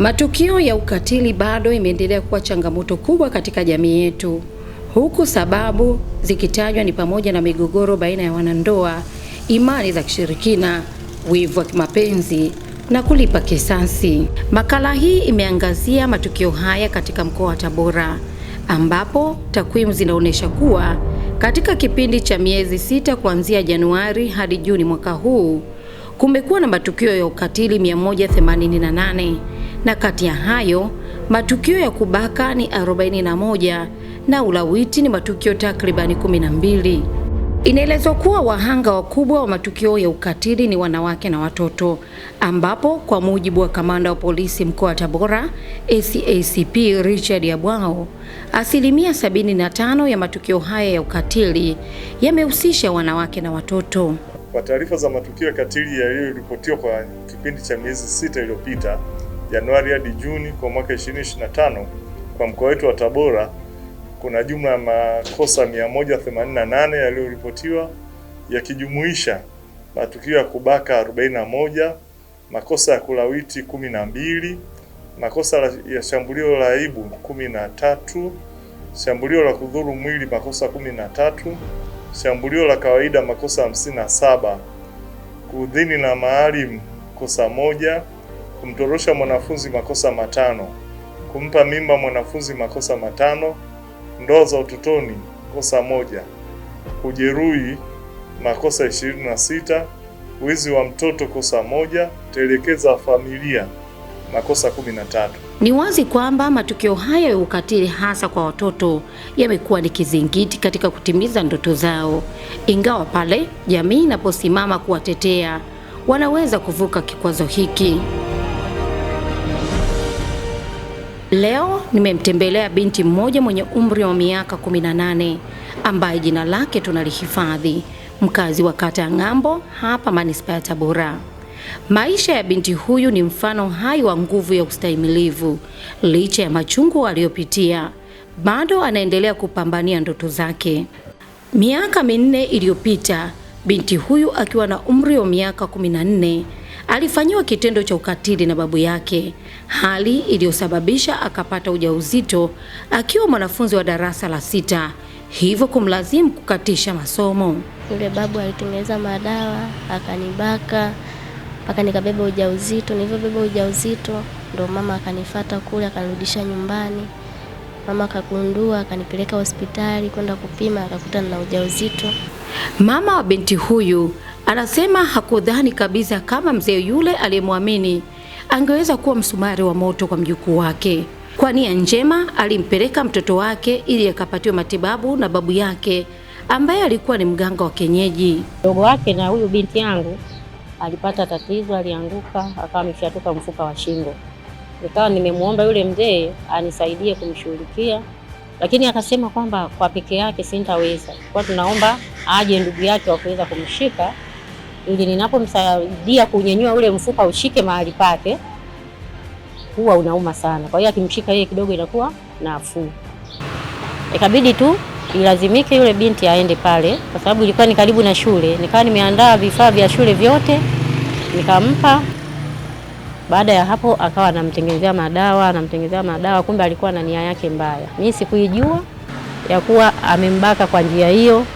Matukio ya ukatili bado imeendelea kuwa changamoto kubwa katika jamii yetu, huku sababu zikitajwa ni pamoja na migogoro baina ya wanandoa, imani za kishirikina, wivu wa kimapenzi na kulipa kisasi. Makala hii imeangazia matukio haya katika mkoa wa Tabora, ambapo takwimu zinaonyesha kuwa katika kipindi cha miezi sita kuanzia Januari hadi Juni mwaka huu kumekuwa na matukio ya ukatili 188 na kati ya hayo matukio ya kubaka ni 41 na ulawiti ni matukio takribani 12. Inaelezwa kuwa wahanga wakubwa wa matukio ya ukatili ni wanawake na watoto, ambapo kwa mujibu wa kamanda wa polisi mkoa wa Tabora SACP Richard Yabwao, asilimia 75 ya matukio haya ya ukatili yamehusisha wanawake na watoto. Kwa taarifa za matukio ya katili yaliyoripotiwa kwa kipindi cha miezi sita iliyopita Januari hadi Juni kwa mwaka 2025 kwa mkoa wetu wa Tabora kuna jumla ya makosa 188 yaliyoripotiwa yakijumuisha matukio ya kubaka 41, makosa ya kulawiti 12, makosa ya shambulio la aibu 13, shambulio la kudhuru mwili makosa 13, shambulio la kawaida makosa 57, kudhini na maalim kosa moja kumtorosha mwanafunzi makosa matano, kumpa mimba mwanafunzi makosa matano, ndoa za utotoni kosa moja, kujeruhi makosa ishirini na sita, wizi wa mtoto kosa moja, telekeza familia makosa kumi na tatu. Ni wazi kwamba matukio haya ya ukatili hasa kwa watoto yamekuwa ni kizingiti katika kutimiza ndoto zao, ingawa pale jamii inaposimama kuwatetea wanaweza kuvuka kikwazo hiki. Leo nimemtembelea binti mmoja mwenye umri wa miaka 18 ambaye jina lake tunalihifadhi, mkazi wa kata ya Ng'ambo hapa manispaa ya Tabora. Maisha ya binti huyu ni mfano hai wa nguvu ya ustahimilivu. Licha ya machungu aliyopitia, bado anaendelea kupambania ndoto zake. Miaka minne iliyopita, binti huyu akiwa na umri wa miaka alifanyiwa kitendo cha ukatili na babu yake, hali iliyosababisha akapata ujauzito akiwa mwanafunzi wa darasa la sita, hivyo kumlazimu kukatisha masomo. Yule babu alitengeneza madawa akanibaka mpaka nikabeba ujauzito. Nilivyobeba ujauzito ndo mama akanifata kule akanirudisha nyumbani. Mama akagundua akanipeleka hospitali kwenda kupima akakuta nina ujauzito. Mama wa binti huyu Anasema hakudhani kabisa kama mzee yule aliyemwamini angeweza kuwa msumari wa moto kwa mjukuu wake. Kwa nia njema alimpeleka mtoto wake ili akapatiwe matibabu na babu yake ambaye alikuwa ni mganga wa kienyeji. Mdogo wake na huyu binti yangu alipata tatizo, alianguka akawa ameshatoka mfuka wa shingo. Nikawa nimemwomba yule mzee anisaidie kumshughulikia, lakini akasema kwamba kwa peke yake sintaweza, kwa tunaomba aje ndugu yake wa kuweza kumshika ili ninapomsaidia kunyanyua ule mfupa ushike mahali pake, huwa unauma sana. Kwa hiyo akimshika yeye kidogo inakuwa nafuu. Ikabidi tu ilazimike yule binti aende pale, kwa sababu ilikuwa ni karibu na shule. Nikawa nimeandaa vifaa vya shule vyote nikampa. Baada ya hapo, akawa anamtengenezea madawa, anamtengenezea madawa, kumbe alikuwa na nia yake mbaya. Mimi sikuijua ya kuwa amembaka kwa njia hiyo,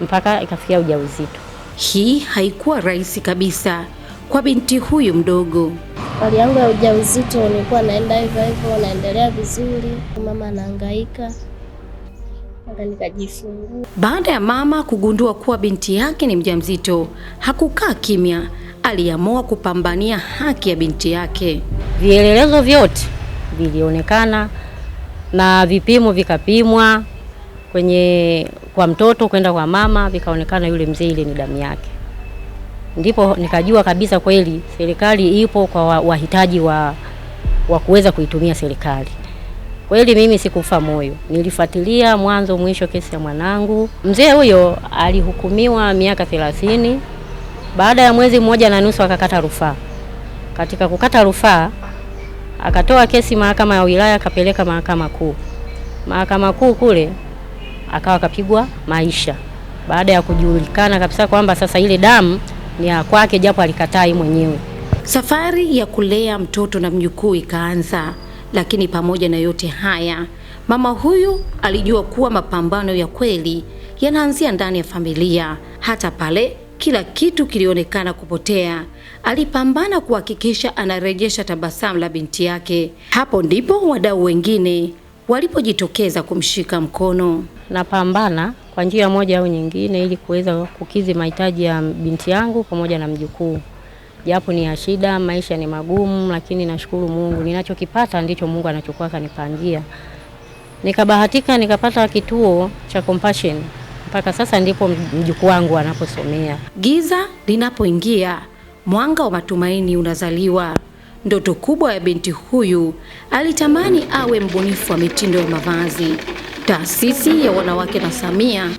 mpaka ikafikia ujauzito. Hii haikuwa rahisi kabisa kwa binti huyu mdogo. Hali yangu ya ujauzito nilikuwa naenda hivyo hivyo, naendelea vizuri, mama anahangaika nikajifungua. Baada ya mama kugundua kuwa binti yake ni mjamzito, hakukaa kimya, aliamua kupambania haki ya binti yake. Vielelezo vyote vilionekana na vipimo vikapimwa kwenye kwa mtoto kwenda kwa mama, vikaonekana yule mzee ile ni damu yake. Ndipo nikajua kabisa kweli serikali ipo kwa wahitaji wa, wa kuweza kuitumia serikali. Kweli mimi sikufa moyo, nilifuatilia mwanzo mwisho kesi ya mwanangu. Mzee huyo alihukumiwa miaka thelathini. Baada ya mwezi mmoja na nusu akakata rufaa. Katika kukata rufaa akatoa kesi mahakama ya wilaya akapeleka mahakama kuu. Mahakama kuu kule akawa akapigwa maisha baada ya kujulikana kabisa kwamba sasa ile damu ni ya kwake, japo yeye mwenyewe. Safari ya kulea mtoto na mjukuu ikaanza, lakini pamoja na yote haya, mama huyu alijua kuwa mapambano ya kweli yanaanzia ndani ya familia. Hata pale kila kitu kilionekana kupotea, alipambana kuhakikisha anarejesha tabasamu la binti yake. Hapo ndipo wadau wengine Walipojitokeza kumshika mkono, napambana kwa njia moja au nyingine ili kuweza kukidhi mahitaji ya binti yangu pamoja na mjukuu, japo ni ya shida, maisha ni magumu, lakini nashukuru Mungu, ninachokipata ndicho Mungu anachokuwa kanipangia. Nikabahatika nikapata kituo cha Compassion, mpaka sasa ndipo mjukuu wangu anaposomea. Giza linapoingia, mwanga wa matumaini unazaliwa. Ndoto kubwa ya binti huyu, alitamani awe mbunifu wa mitindo ya mavazi. Taasisi ya wanawake na Samia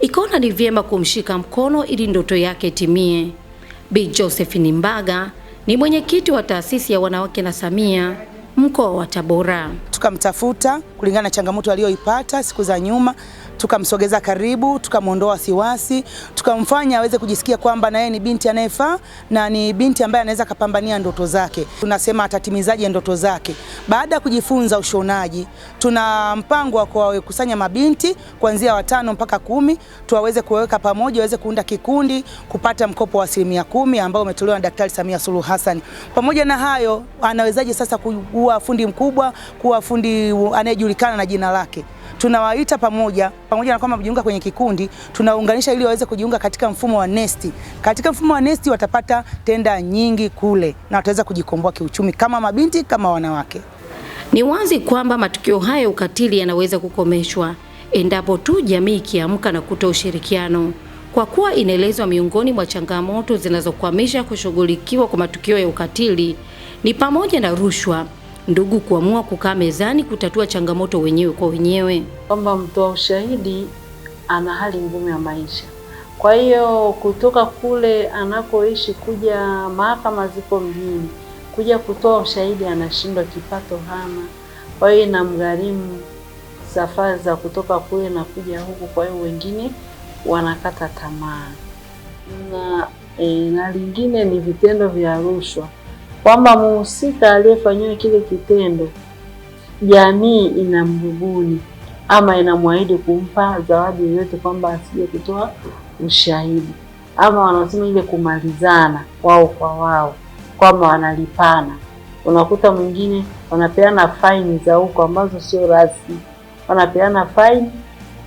ikaona ni vyema kumshika mkono ili ndoto yake timie. Bi Josephine Mbaga ni mwenyekiti wa taasisi ya wanawake na Samia mkoa wa Tabora tukamtafuta kulingana na changamoto aliyoipata siku za nyuma, tukamsogeza karibu, tukamwondoa wasiwasi, tukamfanya aweze kujisikia kwamba na yeye ni binti anayefaa na ni binti ambaye anaweza kapambania ndoto zake. Tunasema atatimizaje ndoto zake baada ya kujifunza ushonaji. Tuna mpango wa kuwakusanya mabinti kuanzia watano mpaka kumi, tuwaweze kuweka pamoja, waweze kuunda kikundi, kupata mkopo wa asilimia kumi ambao umetolewa na Daktari Samia Suluhu Hassan. Pamoja na hayo, anawezaje sasa kuwa fundi mkubwa, kuwa fundi fundi anayejulikana na jina lake tunawaita pamoja pamoja na kwamba mjiunga kwenye kikundi, tunaunganisha ili waweze kujiunga katika mfumo wa nesti. Katika mfumo wa nesti watapata tenda nyingi kule na wataweza kujikomboa kiuchumi kama mabinti, kama wanawake. Ni wazi kwamba matukio haya ukatili yanaweza kukomeshwa endapo tu jamii ikiamka na kutoa ushirikiano, kwa kuwa inaelezwa miongoni mwa changamoto zinazokwamisha kushughulikiwa kwa matukio ya ukatili ni pamoja na rushwa ndugu kuamua kukaa mezani kutatua changamoto wenyewe kwa wenyewe, kwamba mtoa ushahidi ana hali ngumu ya maisha. Kwa hiyo kutoka kule anakoishi kuja mahakama ziko mjini, kuja kutoa ushahidi anashindwa, kipato hana, kwa hiyo inamgharimu safari za kutoka kule na kuja huku. Kwa hiyo wengine wanakata tamaa na, e, na lingine ni vitendo vya rushwa kwamba muhusika aliyefanyiwa kile kitendo jamii inamrubuni ama inamwahidi kumpa zawadi yoyote kwamba asije kutoa ushahidi, ama wanasema ile kumalizana wao kwa wao kwamba wanalipana. Unakuta mwingine wanapeana faini za huko ambazo sio rasmi, wanapeana faini.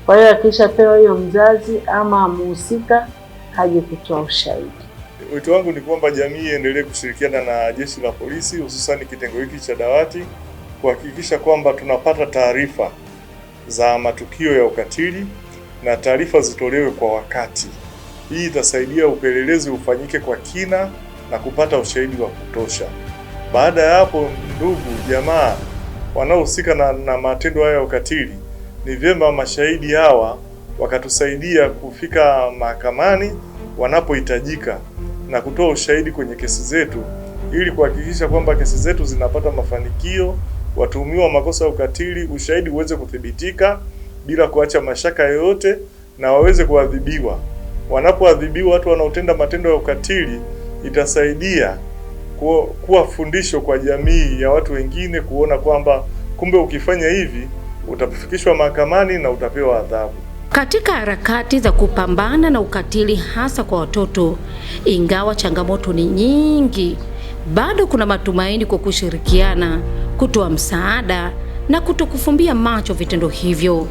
Kwa hiyo akishapewa hiyo mzazi ama muhusika haje kutoa ushahidi. Wito wangu ni kwamba jamii iendelee kushirikiana na jeshi la polisi, hususani kitengo hiki cha dawati kuhakikisha kwamba tunapata taarifa za matukio ya ukatili na taarifa zitolewe kwa wakati. Hii itasaidia upelelezi ufanyike kwa kina na kupata ushahidi wa kutosha. Baada ya hapo, ndugu jamaa wanaohusika na, na matendo haya ya ukatili, ni vyema mashahidi hawa wakatusaidia kufika mahakamani wanapohitajika na kutoa ushahidi kwenye kesi zetu ili kuhakikisha kwamba kesi zetu zinapata mafanikio, watuhumiwa makosa ya ukatili ushahidi uweze kuthibitika bila kuacha mashaka yoyote, na waweze kuadhibiwa. Wanapoadhibiwa watu wanaotenda matendo ya ukatili, itasaidia kuwa fundisho kwa jamii ya watu wengine kuona kwamba kumbe ukifanya hivi utafikishwa mahakamani na utapewa adhabu. Katika harakati za kupambana na ukatili hasa kwa watoto, ingawa changamoto ni nyingi, bado kuna matumaini kwa kushirikiana, kutoa msaada na kutokufumbia macho vitendo hivyo.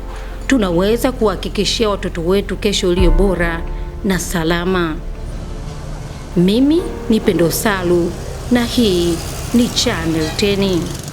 Tunaweza kuhakikishia watoto wetu kesho iliyo bora na salama. Mimi ni Pendo Salu na hii ni Channel Teni.